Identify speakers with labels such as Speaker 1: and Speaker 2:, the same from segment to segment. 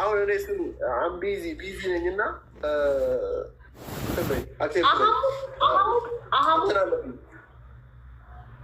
Speaker 1: አሁን እኔ ስሙ ቢዚ ቢዚ ነኝ እና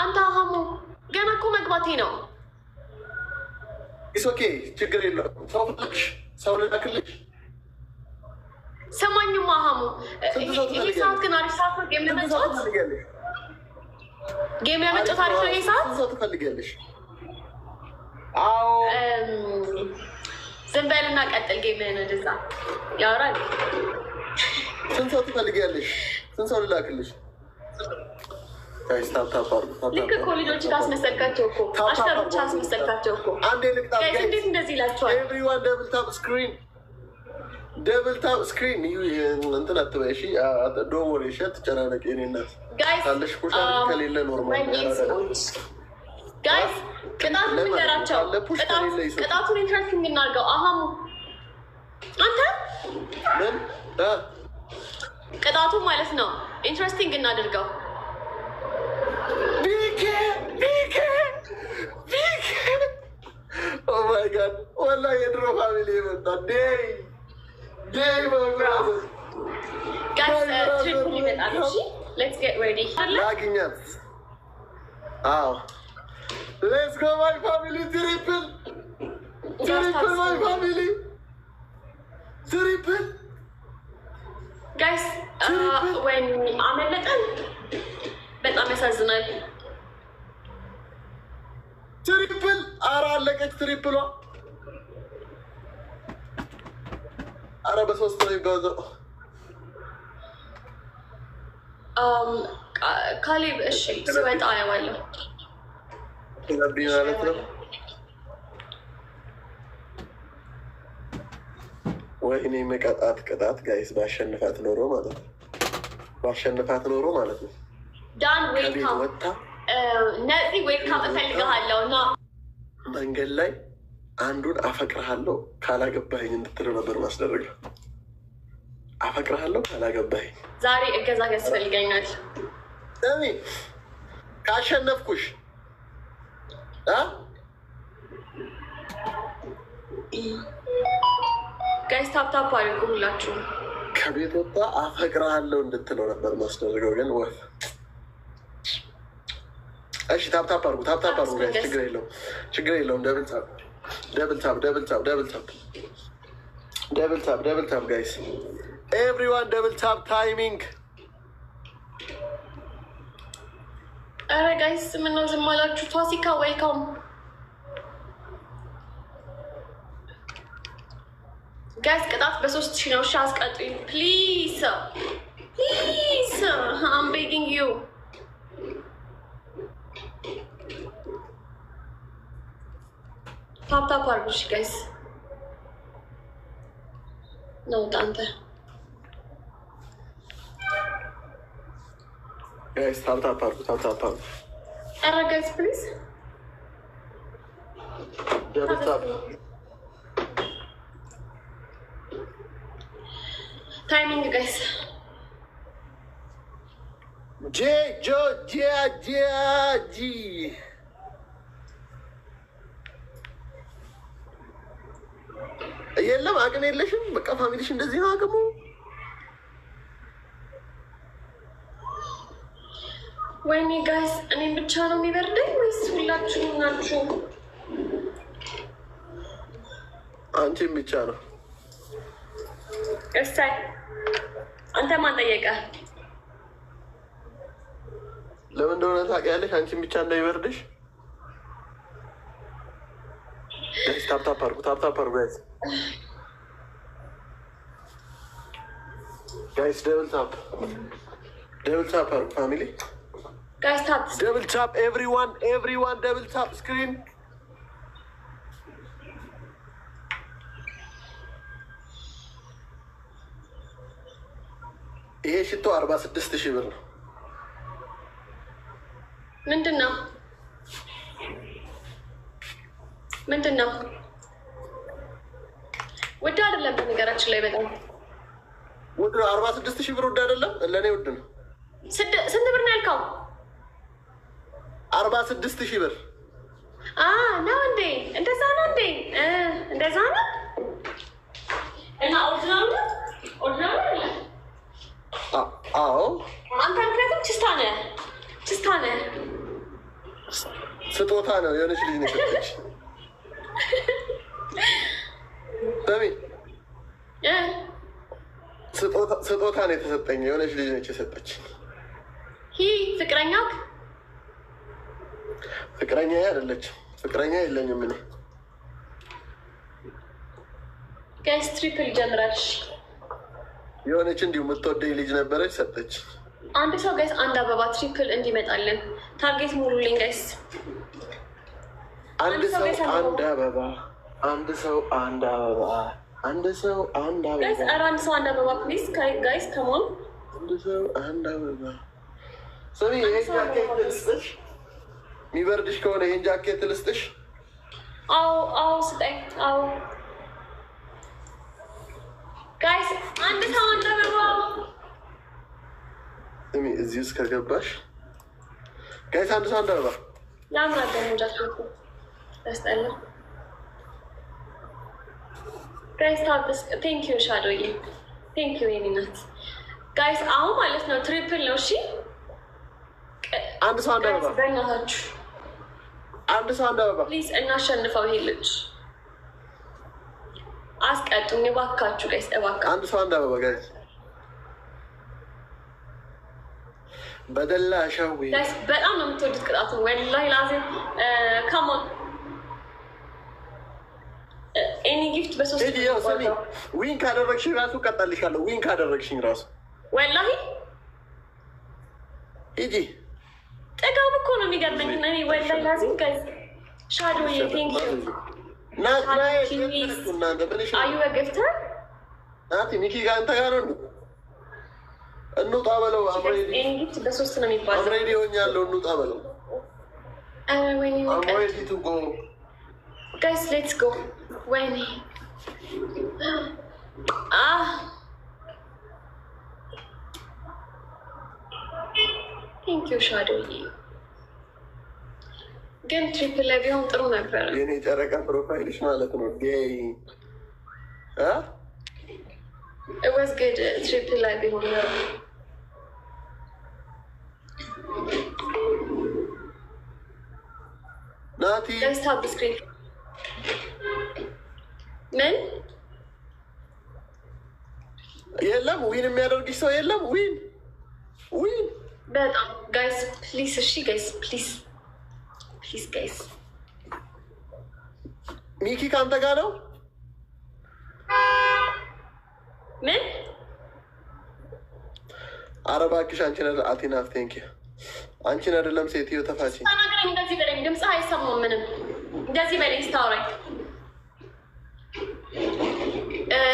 Speaker 2: አንተ አሃሙ ገና እኮ መግባቴ ነው።
Speaker 1: ኢስ ኦኬ ችግር የለውም። ሰው ልክ ሰው ልላክልሽ
Speaker 2: ሰማኝማ አሀሙ ይህ ሰዓት ግን አሪፍ ሰዓት ነው። ጌም ለመጫወት ጌም ለመጫወት አሪፍ ነው ይህ ሰዓት ሰው ትፈልጊያለሽ ዝም በልና ቀጥል። ጌምህን ወደዛ ያወራል።
Speaker 1: ስንት ሰው ትፈልጊያለሽ? ስንት ሰው ልላክልሽ? ልክ እኮ ልጆች እኮ
Speaker 2: አሽከሮች አስመሰልካቸው እኮ። እንዴት እንደዚህ ይላቸዋል?
Speaker 1: ደብል ታፕ ስክሪን እንትን አትበይ እሺ። ሸ ትጨናነቅ እናት ካለሽ ከሌለ ኖርማል
Speaker 2: ጋይስ ቅጣት ምንገራቸው ቅጣቱን ኢንትረስቲንግ እናድርገው። አሁን አንተ ቅጣቱ ማለት ነው ኢንትረስቲንግ እናድርገው።
Speaker 1: ወላ የድሮ ፋሚሊ የመጣ ይመጣል። ሌትስ ጎ ማይ ፋሚሊ ትሪፕል ትሪፕል ማይ ፋሚሊ ትሪፕል
Speaker 2: ጋይስ ወይም አመለጠን። በጣም ያሳዝናል።
Speaker 1: ትሪፕል አረ አለቀች። ትሪፕሏ አረ በሶስት ነው የሚባለው።
Speaker 2: um, ካሌብ እሺ ስወጣ አየዋለሁ።
Speaker 1: ስለቢ ማለት ነው ወይ መቀጣት ቅጣት ጋይስ ባሸንፋት ኖሮ ማለት ነው። ባሸንፋት ኖሮ ማለት ነው።
Speaker 2: ዳን ዌልካም ነፂ ዌልካም እፈልግሃለሁ እና
Speaker 1: መንገድ ላይ አንዱን አፈቅርሃለሁ ካላገባኸኝ እንድትለው ነበር ማስደረግ። አፈቅርሃለሁ ካላገባኸኝ
Speaker 2: ዛሬ እገዛ ያስፈልገኛል።
Speaker 1: ካሸነፍኩሽ
Speaker 2: ጋይስ ታፕታፕ አድርጉ ሁላችሁም።
Speaker 1: ከቤት ወጣ አፈቅርሃለሁ እንድትለው ነበር ማስደረገው፣ ግን ወፍ እሺ፣ ታፕታፕ አድርጉ፣ ታፕታፕ አድርጉ። ችግር የለውም፣ ችግር የለውም። ደብል ታፕ፣ ደብል ታፕ፣ ደብል ታፕ፣ ደብል ታፕ፣ ደብል ታፕ፣ ደብል ታፕ። ጋይስ ኤቭሪዋን ደብል ታፕ ታይሚንግ
Speaker 2: አረ ጋይስ ምነው ዝም አላችሁ? ፋሲካ ዌልካም። ጋይስ ቅጣት በሶስት ሺህ ነው። እሺ አስቀጡኝ ፕሊዝ ፕሊዝ፣ አም ቤጊንግ ዩ ታፕታፕ አርጉሽ ጋይስ ነው ጣንተ
Speaker 1: ታፕታፕ አድርጉ፣ ታፕታፕ አድርጉ።
Speaker 2: ኧረ ጋይስ ፕሊዝ ታይሚንግ ጋይስ
Speaker 1: ጆ ጂ የለም አቅም የለሽም። በቃ ፋሚሊሽ እንደዚህ ነው አቅሙ
Speaker 2: ወይኔ ጋይስ፣ እኔም ብቻ ነው የሚበርደኝ ወይስ ሁላችሁም ናችሁ?
Speaker 1: አንቺም ብቻ ነው።
Speaker 2: እሰይ አንተ ማን ጠየቀህ?
Speaker 1: ለምን እንደሆነ ታውቂያለሽ? አንቺም ብቻ እንዳይበርድሽ። ጋይስ ታፕታፕ አድርጉ፣ ታፕታፕ አድርጉ ጋይስ፣ ጋይስ ደብል ታፕ፣ ደብል ታፕ አድርጉ ፋሚሊ Guys, tap. Double tap, everyone, everyone, double tap screen. ይሄ ሽቶ አርባ ስድስት ሺህ ብር ነው።
Speaker 2: ምንድን ነው ምንድን ነው? ውድ አይደለም። በነገራችን ላይ በጣም
Speaker 1: ውድ ነው። አርባ ስድስት ሺህ ብር ውድ አይደለም። ለእኔ ውድ ነው። ስንት ብር ነው ያልከው? አርባ ስድስት ሺህ ብር
Speaker 2: ነው እንዴ? እንደዛ ነው እንዴ? እንደዛ ነው እና ኦሪጂናል ኦሪጂናል አዎ አንተ ምክንያቱም ችስታ ነህ ችስታ ነህ።
Speaker 1: ስጦታ ነው የሆነች ልጅ ነች። ሰሚ ስጦታ ነው የተሰጠኝ የሆነች ልጅ ነች የሰጠች።
Speaker 2: ይህ ፍቅረኛው
Speaker 1: ፍቅረኛ አይደለች፣ ፍቅረኛ የለኝም ምን
Speaker 2: ጋይስ ትሪፕል ጀምራች።
Speaker 1: የሆነች እንዲሁ የምትወደኝ ልጅ ነበረች፣ ሰጠች።
Speaker 2: አንድ ሰው ጋይስ አንድ አበባ ትሪፕል እንዲመጣለን ታርጌት ሙሉልኝ ጋይስ።
Speaker 1: አንድ ሰው አንድ አበባ፣ አንድ ሰው አንድ አበባ፣ አንድ ሰው አንድ አበባ ጋይስ። ኧረ
Speaker 2: አንድ ሰው አንድ አበባ ፕሊዝ ጋይስ፣ ከሞን
Speaker 1: አንድ ሰው አንድ አበባ። ሰው ይሄ የሚበርድሽ ከሆነ ይህን ጃኬት ልስጥሽ።
Speaker 2: አዎ አዎ፣ ስጠኝ። አዎ ጋይስ፣ አንድ ሰው
Speaker 1: እሚ እዚህ ውስጥ ከገባሽ ጋይስ፣ አንድ ሰው አንድ አበባ
Speaker 2: ያምራል። ደግሞ ጃኬት ያስጠላ ጋይስ። ታብስ ቴንክ ዩ ሻዶዬ፣ ቴንክ ዩ የኔ ናት። ጋይስ፣ አሁን ማለት ነው ትሪፕል ነው። እሺ አንድ ሰው አንድ አበባ በእናታችሁ አንድ ሰው አንድ አበባ ፕሊዝ እናሸንፈው። ይሄ ልጅ አስቀጡኝ እባካችሁ ጋይስ፣ እባካችሁ
Speaker 1: አንድ ሰው አንድ አበባ ጋይስ። በደላ ሸው ጋይስ፣
Speaker 2: በጣም ነው የምትወዱት ቅጣቱ። ወላሂ ላዚም ካሞን ኤኒ ጊፍት በሶስት
Speaker 1: ዊን ካደረግሽኝ ራሱ እቀጣልሻለሁ። ዊን ካደረግሽኝ ራሱ ወላሂ ሂጂ
Speaker 2: ጥጋብ እኮ ነው የሚገርመኝ። እኔ ወላሂ ላዚም
Speaker 1: ጋይስ ሻዶዬ ቴንክ ዩ አዩ በገብተ ናቲ ሚኪ ጋር አንተ ጋር ነው እንውጣ በለው። ኢንግሊዝ በሶስት ነው የሚባለው። አምሬዲ ሆኛለሁ እንውጣ በለው።
Speaker 2: አምሬዲ ቱ ጎ ጋይስ ሌትስ ጎ። ወይኔ
Speaker 1: ቴንክ ዩ ሻዶዬ
Speaker 2: ግን ትሪፕል ላይ ቢሆን ጥሩ ነበረ።
Speaker 1: የኔ ጨረቃ ፕሮፋይልሽ ማለት ነው። ጌይ
Speaker 2: ወዝ ግድ ትሪፕል ላይ ቢሆን
Speaker 1: ናቲ ስታፕ ስክሪን ምን የለም ዊን የሚያደርግሽ ሰው የለም። ዊን
Speaker 2: ዊን በጣም ጋይስ ፕሊስ። እሺ ጋይስ ፕሊስ
Speaker 1: ሚኪ ከአንተ ጋር ነው። ምን ኧረ እባክሽ አንቺን አቲናፍ ቴንኪ አንቺን አይደለም ሴትዮ ተፋች ተናገረኝ።
Speaker 2: እንደዚህ በለኝ፣ ድምፅህ አይሰማም። ምንም እንደዚህ በለኝ ስታወራኝ።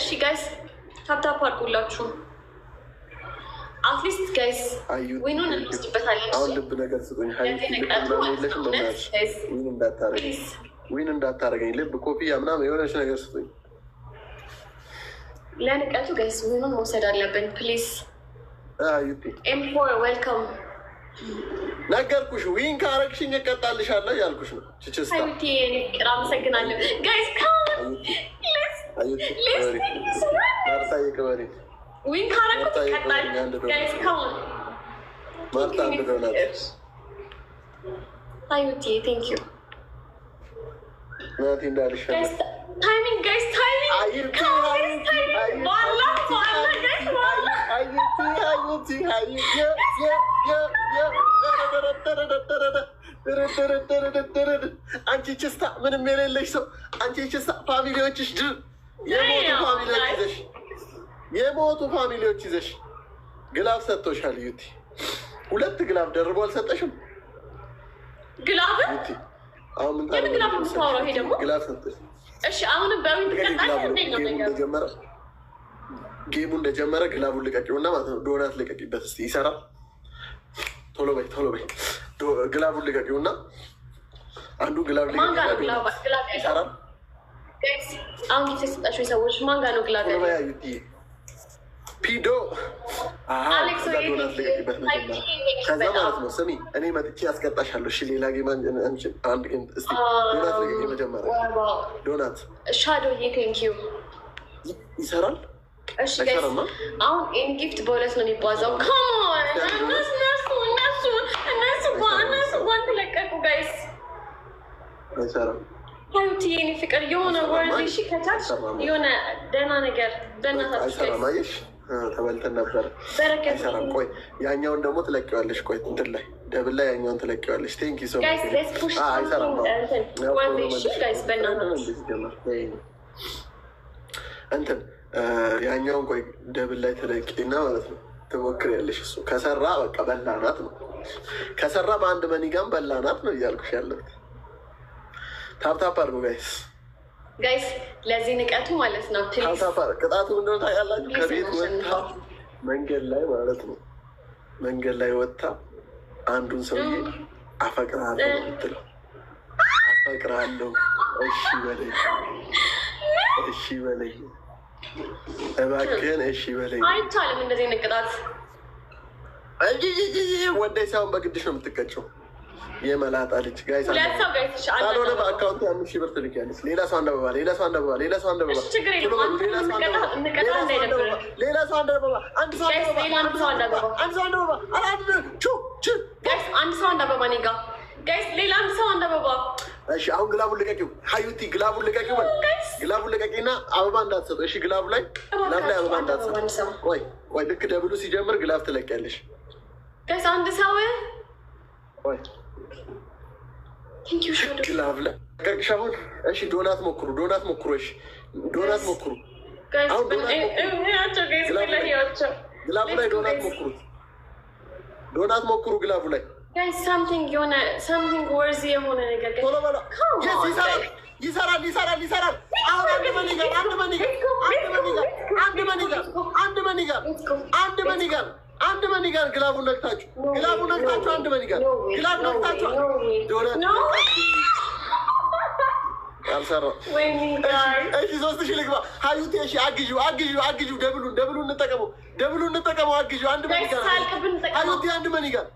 Speaker 2: እሺ ጋይስ ታፕታፕ አድርጉላችሁ። አትሊስት ጋይስ ዊኑን እንወስድበታለን።
Speaker 1: ልብ ነገር ስጡኝ። እንዳታረገኝ፣ ዊን እንዳታረገኝ ልብ ኮፒያ ምናምን የሆነች ነገር ስጡኝ።
Speaker 2: ለንቀቱ ጋይስ ዊኑን መውሰድ አለብን ፕሊዝ። ዌልካም
Speaker 1: ነገርኩሽ። ዊን ካረግሽኝ እቀጣልሻለሁ ያልኩሽ ነው።
Speaker 2: ችችስታ አመሰግናለሁ ጋይስ ዊን ካረኩት ይቀጣል።
Speaker 1: አንቺ ችስታ ምንም የሌለሽ ሰው አንቺ ችስታ ፋሚሊዎችሽ ድር
Speaker 2: የሞቱ ፋሚሊዎች ይዘሽ
Speaker 1: የሞቱ ፋሚሊዎች ይዘሽ ግላብ ሰጥቶሻል። ዩቲ ሁለት ግላብ ደርቦ አልሰጠሽም? ግላብ ጌሙ እንደጀመረ ግላቡን ልቀቂው እና ማለት ነው። ዶናት ልቀቂበት እስኪ ይሰራል። ቶሎ በይ ቶሎ በይ። ግላቡን ልቀቂው እና አንዱ ግላብ
Speaker 2: ይሰራል። አሁን ሰዎች ነው ግላብ
Speaker 1: ፒዶ አሌክስ
Speaker 2: ከዛ ማለት ነው።
Speaker 1: ስሚ እኔ መጥቼ ያስቀጣሻለሁ። እሺ፣ ሌላ ጌማ አንድ ግን እስቲ ዶናት ነገር የመጀመሪያ ዶናት
Speaker 2: ሻዶዬ፣ ቴንኪዩ ይሰራል። እሺ ጋይስ፣ አሁን ኢንጊፍት በሁለት ነው የሚባዛው። ካሞን እነሱ እነሱ እነሱ እነሱ ጓንት ለቀቁ ጋይስ፣ አይሰራም ሀዩቲ የኔ ፍቅር የሆነ ወርድ ሺ ከታች የሆነ ደህና ነገር በእናታችሁ
Speaker 1: ተበልተን ነበር። አይሰራም። ቆይ ያኛውን ደግሞ ትለቂዋለሽ። ቆይ እንትን ላይ ደብል ላይ ያኛውን ትለቂዋለሽ። ቴንክ ዩ ሶ እንትን ያኛውን ቆይ ደብል ላይ ትለቂና ማለት ነው ትሞክሪያለሽ። እሱ ከሰራ በቃ በላናት ነው። ከሰራ በአንድ መኒጋም በላናት ነው እያልኩሽ ያለት ታፕታፕ አድርጉ ጋይስ።
Speaker 2: ጋይስ ለዚህ ንቀቱ ማለት ነው።
Speaker 1: ቅጣቱ እንደሆነ ታውቃላችሁ። ከቤት ወጥታ መንገድ ላይ ማለት ነው፣ መንገድ ላይ ወጥታ አንዱን ሰውዬ አፈቅራለሁ የምትለው አፈቅርሃለሁ፣ እሺ በለኝ፣ እሺ በለኝ፣ እባክህን እሺ በለኝ።
Speaker 2: አይቻልም እንደዚህ ንቅጣት።
Speaker 1: ወደ ሳይሆን በግድሽ ነው የምትቀጨው። የመላጣ ልጅ ጋይስ በአካውንት አምስት ሺህ ብር ትልኪያለሽ። ሌላ ሰው አንደበባ፣ ሌላ ሰው አንደበባ፣ ሌላ ሰው አንደበባ፣ ሌላ ሰው አንድ
Speaker 2: ሰው ጋይስ፣ ሌላ አንድ ሰው
Speaker 1: እሺ አሁን ግላቡን ልቀቂው፣ ሀዩቲ ግላቡን ልቀቂው፣ ግላቡን አበባ እንዳትሰጡ። እሺ ግላቡ ላይ ግላብ ላይ አበባ እንዳትሰጡ። ወይ ወይ ልክ ደብሉ ሲጀምር ግላብ ትለቂያለሽ
Speaker 2: ጋይስ። አንድ ሰው
Speaker 1: ወይ ሻሁን እሺ፣ ዶናት ሞክሩ፣ ዶናት ሞክሩ፣ እሺ፣ ዶናት ሞክሩ። አሁን eh, eh, ግላቡ ላይ ዶናት ሞክሩት፣ ዶናት ሞክሩ ግላቡ ላይ ይሰራል፣ ይሰራል፣ ይሰራል። አሁን አንድ መኒጋ አንድ መኒ አንድ መኒ አንድ መኒ አንድ መኒ ጋር ግላቡ ነክታችሁ ግላቡ ነክታችሁ አንድ መኒ ጋር ግላቡ ነግታችሁ እሺ፣ ሶስት ሺ ልግባ። ሀዩቴ እሺ፣ አግዢ አግዢ አግዢ። ደብሉን ደብሉን እንጠቀመው፣ ደብሉን እንጠቀመው። አግዢ አንድ መኒ ጋር ሀዩቴ፣ አንድ መኒ ጋር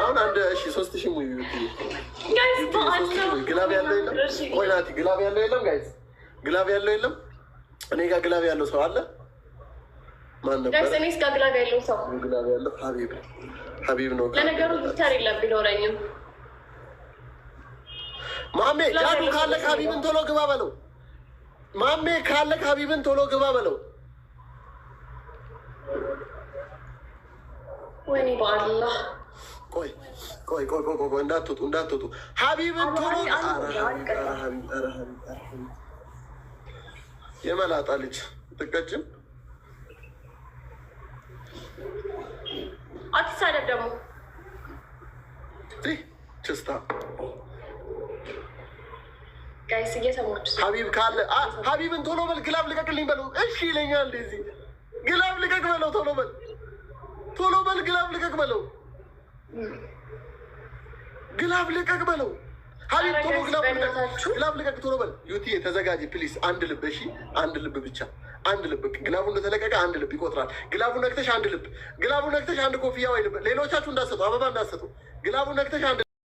Speaker 1: አሁን አንድ እሺ፣ ሶስት ሺህ ሙይ ግላብ ያለው የለም። ቆይ ናቲ፣ ግላብ ያለው የለም። ጋይዝ ግላብ ያለው የለም። እኔ ጋር ግላብ ያለው ሰው አለ። ማን ነበር?
Speaker 2: ግላብ ያለው ሰው
Speaker 1: ግላብ ያለው ሀቢብ ሀቢብ ነው።
Speaker 2: ለነገሩ ጊታር የለም ቢኖረኝም፣
Speaker 1: ማሜ ጃዱ ካለ ሀቢብን ቶሎ ግባ በለው። ማሜ ካለ ሀቢብን ቶሎ ግባ በለው። ወይኔ በአላህ ቆይ ቆይ ቆይ ቆይ ቆይ እንዳትወጡ እንዳትወጡ። ሀቢብን ቶሎ የመላጣ ልጅ ጥቀጭም አትሳደብ ደግሞ ችስታ ሀቢብ ካለ ሀቢብን ቶሎ በል ግላብ ልቀቅልኝ በለው። እሺ ይለኛል። እንደዚህ ግላብ ልቀቅ በለው። ቶሎ በል ቶሎ በል ግላብ ልቀቅ በለው። ግላብ ልቀቅ በለው። ሀቢብ ቶሎ ግላብ ግላብ ልቀቅ ቶሎ በል። ዩቲ ተዘጋጅ ፕሊስ። አንድ ልብ እሺ፣ አንድ ልብ ብቻ አንድ ልብ ግላቡ እንደተለቀቀ አንድ ልብ ይቆጥራል። ግላቡ ነክተሽ አንድ ልብ፣ ግላቡ ነክተሽ አንድ ኮፍያ ወይ ልብ። ሌሎቻችሁ እንዳሰጡ አበባ እንዳሰጡ ግላቡ ነክተሽ አንድ